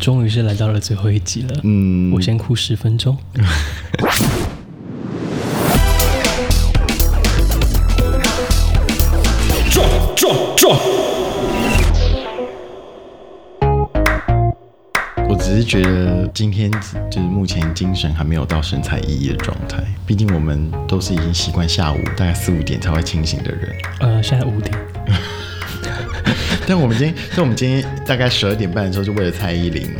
終於是來到了最後一集了，嗯，我先哭十分鐘。 壯壯壯！我只是覺得今天就是目前精神還沒有到神采奕奕的狀態，畢竟我們都是已經習慣下午大概四五點才會清醒的人。呃，現在五點。那我們今天，那我們今天大概十二點半的時候，就為了蔡依林，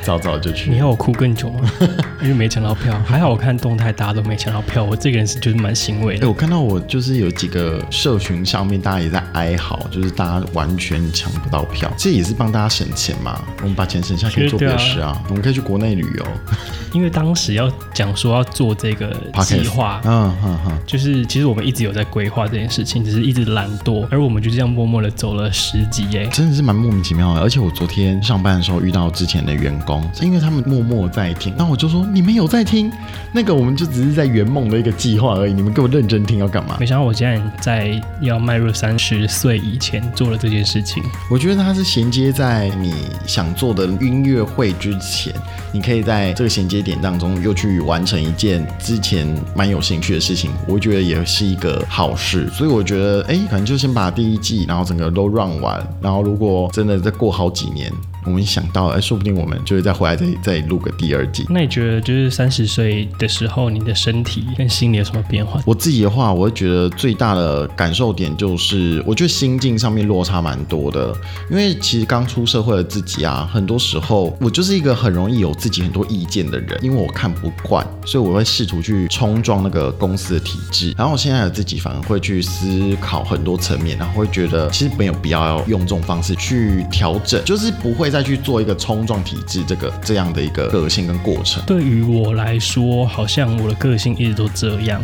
早早就去。你要我哭更久嗎？ 因為沒搶到票，還好我看動態，大家都沒搶到票，我這個人是就是蠻欣慰的。哎、欸，我看到我就是有幾個社群上面大家也在哀嚎，就是大家完全搶不到票，這也是幫大家省錢嘛。我們把錢省下去。做別的事啊，啊我們可以去國內旅遊。 因為當時要講說要做這個計劃，嗯嗯、啊，啊啊、就是其實我們一直有在規劃這件事情，只是一直懶惰，而我們就這樣默默的走了十。真的是蠻莫名其妙的，而且我昨天上班的時候遇到之前的員工，是因為他們默默在聽，那我就說你們有在聽？那個我們就只是在圓夢的一個計劃而已，你們給我認真聽要幹嘛？沒想到我竟然在，在要邁入三十歲以前做了這件事情。我覺得它是銜接在你想做的音樂會之前，你可以在這個銜接點當中又去完成一件之前蠻有興趣的事情，我覺得也是一個好事。所以我覺得，哎，可能就先把第一季，然後整個都 run 完。然後，如果真的再過好幾年。我們想到，哎、欸，說不定我們就會再回來再再錄個第二季。那你覺得，就是三十歲的時候，你的身體跟心理有什麼變化？我自己的話，我會覺得最大的感受點就是，我覺得心境上面落差蠻多的。因為其實剛出社會的自己啊，很多時候我就是一個很容易有自己很多意見的人，因為我看不慣，所以我會試圖去衝撞那個公司的體制。然後我現在的自己反而會去思考很多層面，然後會覺得其實沒有必要，要用這種方式去調整，就是不會。再去做一個衝撞體制，這個這樣的一個個性跟過程，對於我來說，好像我的個性一直都這樣，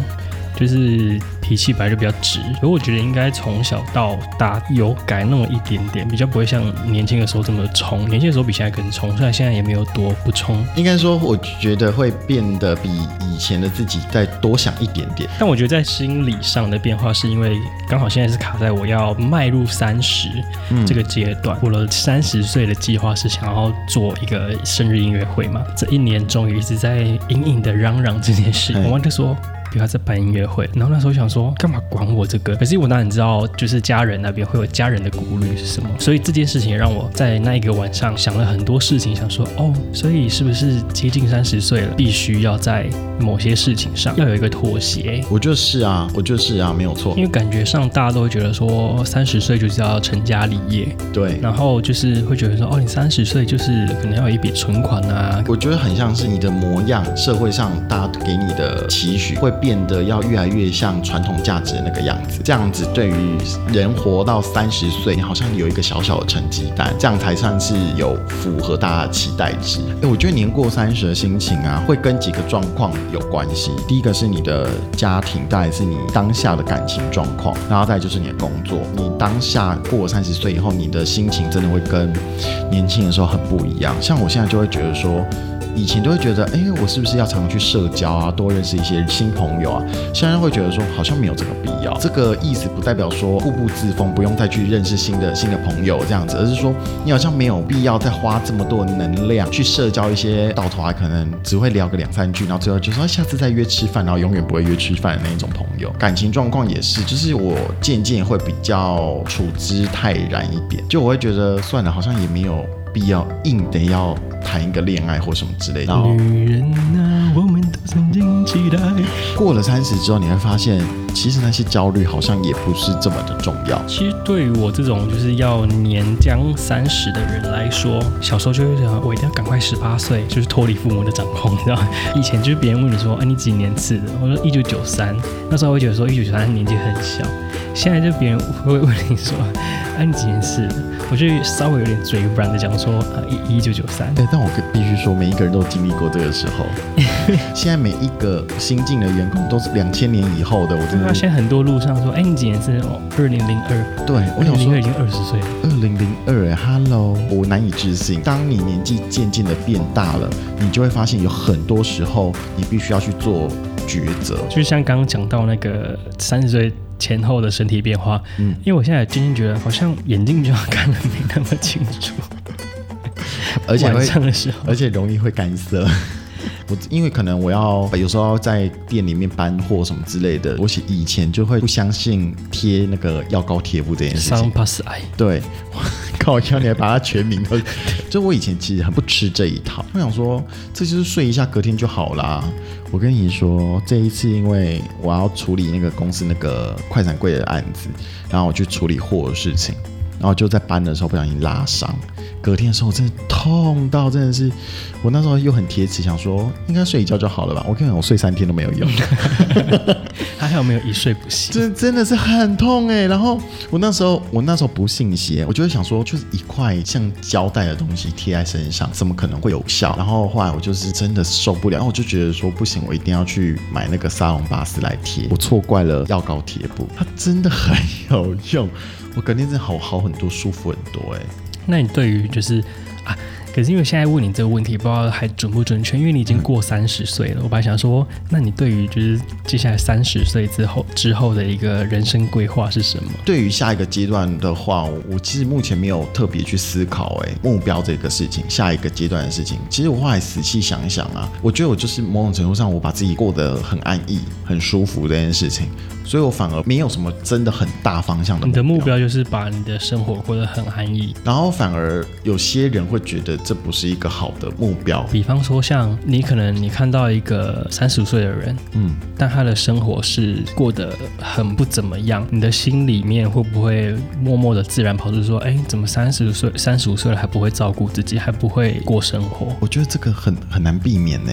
就是。脾氣本來就比較直，所以我覺得應該從小到大有改那麼一點點，比較不會像年輕的時候這麼衝。年輕的時候比現在更衝，雖然現在也沒有多不衝。應該說，我覺得會變得比以前的自己再多想一點點。但我覺得在心理上的變化，是因為剛好現在是卡在我要邁入三十這個階段。嗯、我的三十歲的計劃是想要做一個生日音樂會嘛。這一年終於一直在隱隱的嚷嚷這件事。嘿我忘記說。比如他在辦音樂會，然後那時候想說幹嘛管我這個？可是我哪裡知道，就是家人那邊會有家人的顧慮是什麼，所以這件事情讓我在那一個晚上想了很多事情，想說哦，所以是不是接近三十歲了，必須要在某些事情上要有一個妥協？我就是啊，我就是啊，沒有錯。因為感覺上大家都會覺得說三十歲就是要成家立業，對，然後就是會覺得說哦，你三十歲就是可能要有一筆存款啊。我覺得很像是你的模樣，社會上大家給你的期許會。變得要越來越像傳統價值的那個樣子，這樣子對於人活到三十歲，你好像有一個小小的成績單，這樣才算是有符合大家的期待值。欸，我覺得年過三十的心情啊，會跟幾個狀況有關係。第一個是你的家庭，還是你當下的感情狀況，然後再就是你的工作。你當下過三十歲以後，你的心情真的會跟年輕的時候很不一樣。像我現在就會覺得說。以前都會覺得，哎，我是不是要常常去社交啊，多認識一些新朋友啊？現在會覺得說，好像沒有這個必要。這個意思不代表說固步自封，不用再去認識新的新的朋友這樣子，而是說你好像沒有必要再花這麼多能量去社交一些，到頭來、啊、可能只會聊個兩三句，然後最後就說下次再約吃飯，然後永遠不會約吃飯的那一種朋友。感情狀況也是，就是我漸漸會比較處之泰然一點，就我會覺得算了，好像也沒有必要硬得要，談一個戀愛或什麼之類的。女人啊，我們都曾經期待。過了三十之後，你會發現，其實那些焦慮好像也不是這麼的重要。其實對於我這種就是要年將三十的人來說，小時候就會想，我一定要趕快十八歲，就是脫離父母的掌控，你知道以前就是別人問你說，哎，你幾年次的？我說一九九三。那時候我覺得說，一九九三年紀很小。現在就別人會問你說，安、啊，你幾年是？我就稍微有點嘴軟的講說，呃、啊，一，一九九三。對，但我必須說，每一個人都經歷過這個時候。 現在每一個新進的員工都是兩千年以後的，我真的。那、啊、現在很多路上說，安、哎、你幾年是？哦，二零零二。對，我想說，二零零二已經二十歲。二零零二，Hello，我難以置信。當你年紀漸漸的變大了，你就會發現有很多時候你必須要去做抉擇。就像剛剛講到那個三十歲。前後的身體變化，嗯、因為我現在真心覺得，好像眼睛就要看得沒那麼清楚，而且唱 的時候，而且容易會乾澀。我因為可能我要有時候在店裡面搬貨什麼之類的，我以前就會不相信貼那個藥膏貼布這件事情。撒隆巴斯對我，搞笑，你還把它全名都…… 就我以前其實很不吃這一套。我想說，這就是睡一下隔天就好啦。我跟你說，這一次因為我要處理那個公司那個快閃櫃的案子，然後我去處理貨的事情，然後就在搬的時候不小心拉傷。隔天的時候，我真的痛到真的是，我那時候又很鐵齒，想說應該睡一覺就好了吧。我跟你講，我睡三天都沒有用。 他還有沒有一睡不醒？真真的是很痛哎、欸。然後我那時候我那時候不信邪，我就想說就是一塊像膠帶的東西貼在身上，怎麼可能會有效？然後後來我就是真的受不了，然後我就覺得說不行，我一定要去買那個沙龍巴斯來貼。我錯怪了藥膏貼布，它真的很有用。我隔天真的好好很多，舒服很多哎、欸。那你對於就是啊，可是因為現在問你這個問題，不知道還準不準確，因為你已經過三十歲了。嗯，我本來想說，那你對於就是接下來三十歲之後之後的一個人生規劃是什麼？對於下一個階段的話，我其實目前沒有特別去思考誒，目標這個事情，下一個階段的事情。其實我後來仔細想一想啊，我覺得我就是某種程度上，我把自己過得很安逸、很舒服這件事情。所以我反而沒有什麼真的很大方向的。你的目標就是把你的生活過得很安逸，然後反而有些人會覺得這不是一個好的目標。比方說，像你可能你看到一個三十歲的人，嗯，但他的生活是過得很不怎麼樣，你的心裡面會不會默默的自然跑出說，哎、欸，怎麼三十歲，三十五歲了還不會照顧自己，還不會過生活？我覺得這個很很難避免呢。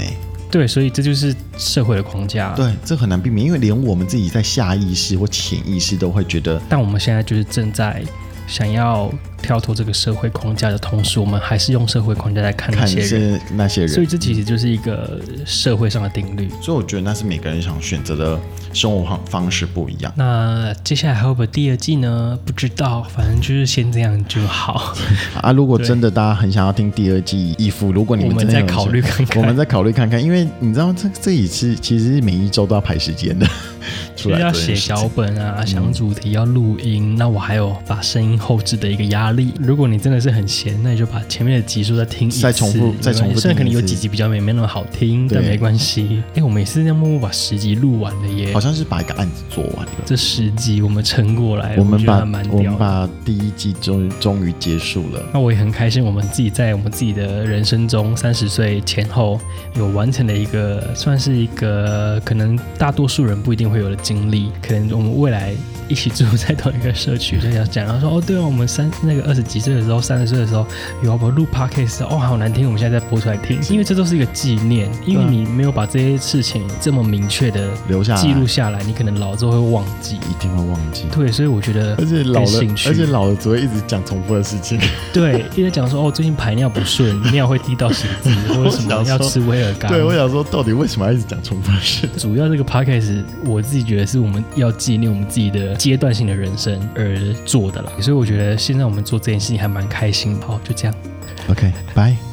對，所以這就是社會的框架。對，這很難避免，因為連我們自己在下意識或潛意識都會覺得。但我們現在就是正在。想要跳脫這個社會框架的同時，我們還是用社會框架來看那些人，那些人。所以這其實就是一個社會上的定律。嗯、所以我覺得那是每個人想選擇的生活方方式不一樣。那接下來還會不會第二季呢？不知道，反正就是先這樣就好。好啊，如果對真的大家很想要聽第二季，義父，如果你們真的在考慮看看，我們在考慮看看，看看，因為你知道這這一次其實是每一周都要排時間的，出來要寫腳本啊，嗯、想主題要錄音，那我還有把聲音。後置的一個壓力。如果你真的是很閒，那你就把前面的集數再聽一次，再重複，再重複。雖然可能有幾集比較沒美美那麼好聽，對但沒關係。哎，我們也是這樣默默把十集錄完了耶，好像是把一個案子做完了。這十集我們撐過來，我們把我,蠻的，我們把第一季終終於結束了。那我也很開心，我們自己在我們自己的人生中三十歲前後，有完成的一個算是一個可能大多數人不一定會有的經歷，可能我們未來。一起住在同一個社區，所以要講。然後說：“哦，對哦、啊，我們三那個二十幾歲的時候，三十歲的時候，有我們錄 podcast，哦，好難聽。我們現在再播出來聽，因為這都是一個紀念。因為你沒有把這些事情這麼明確的留下記錄下來，你可能老了之後會忘記，一定會忘記。對，所以我覺得，而且老了，而且老了只會一直講重複的事情。對，一直講說哦，最近排尿不順， 尿會滴到鞋子，或者什麼要吃威而鋼。對，我想說，到底為什麼要一直講重複的事？主要這個 podcast，我自己覺得是我們要紀念我們自己的。”階段性的人生而做的啦，所以我覺得現在我們做這件事情還蠻開心的。好，就這樣，OK，bye。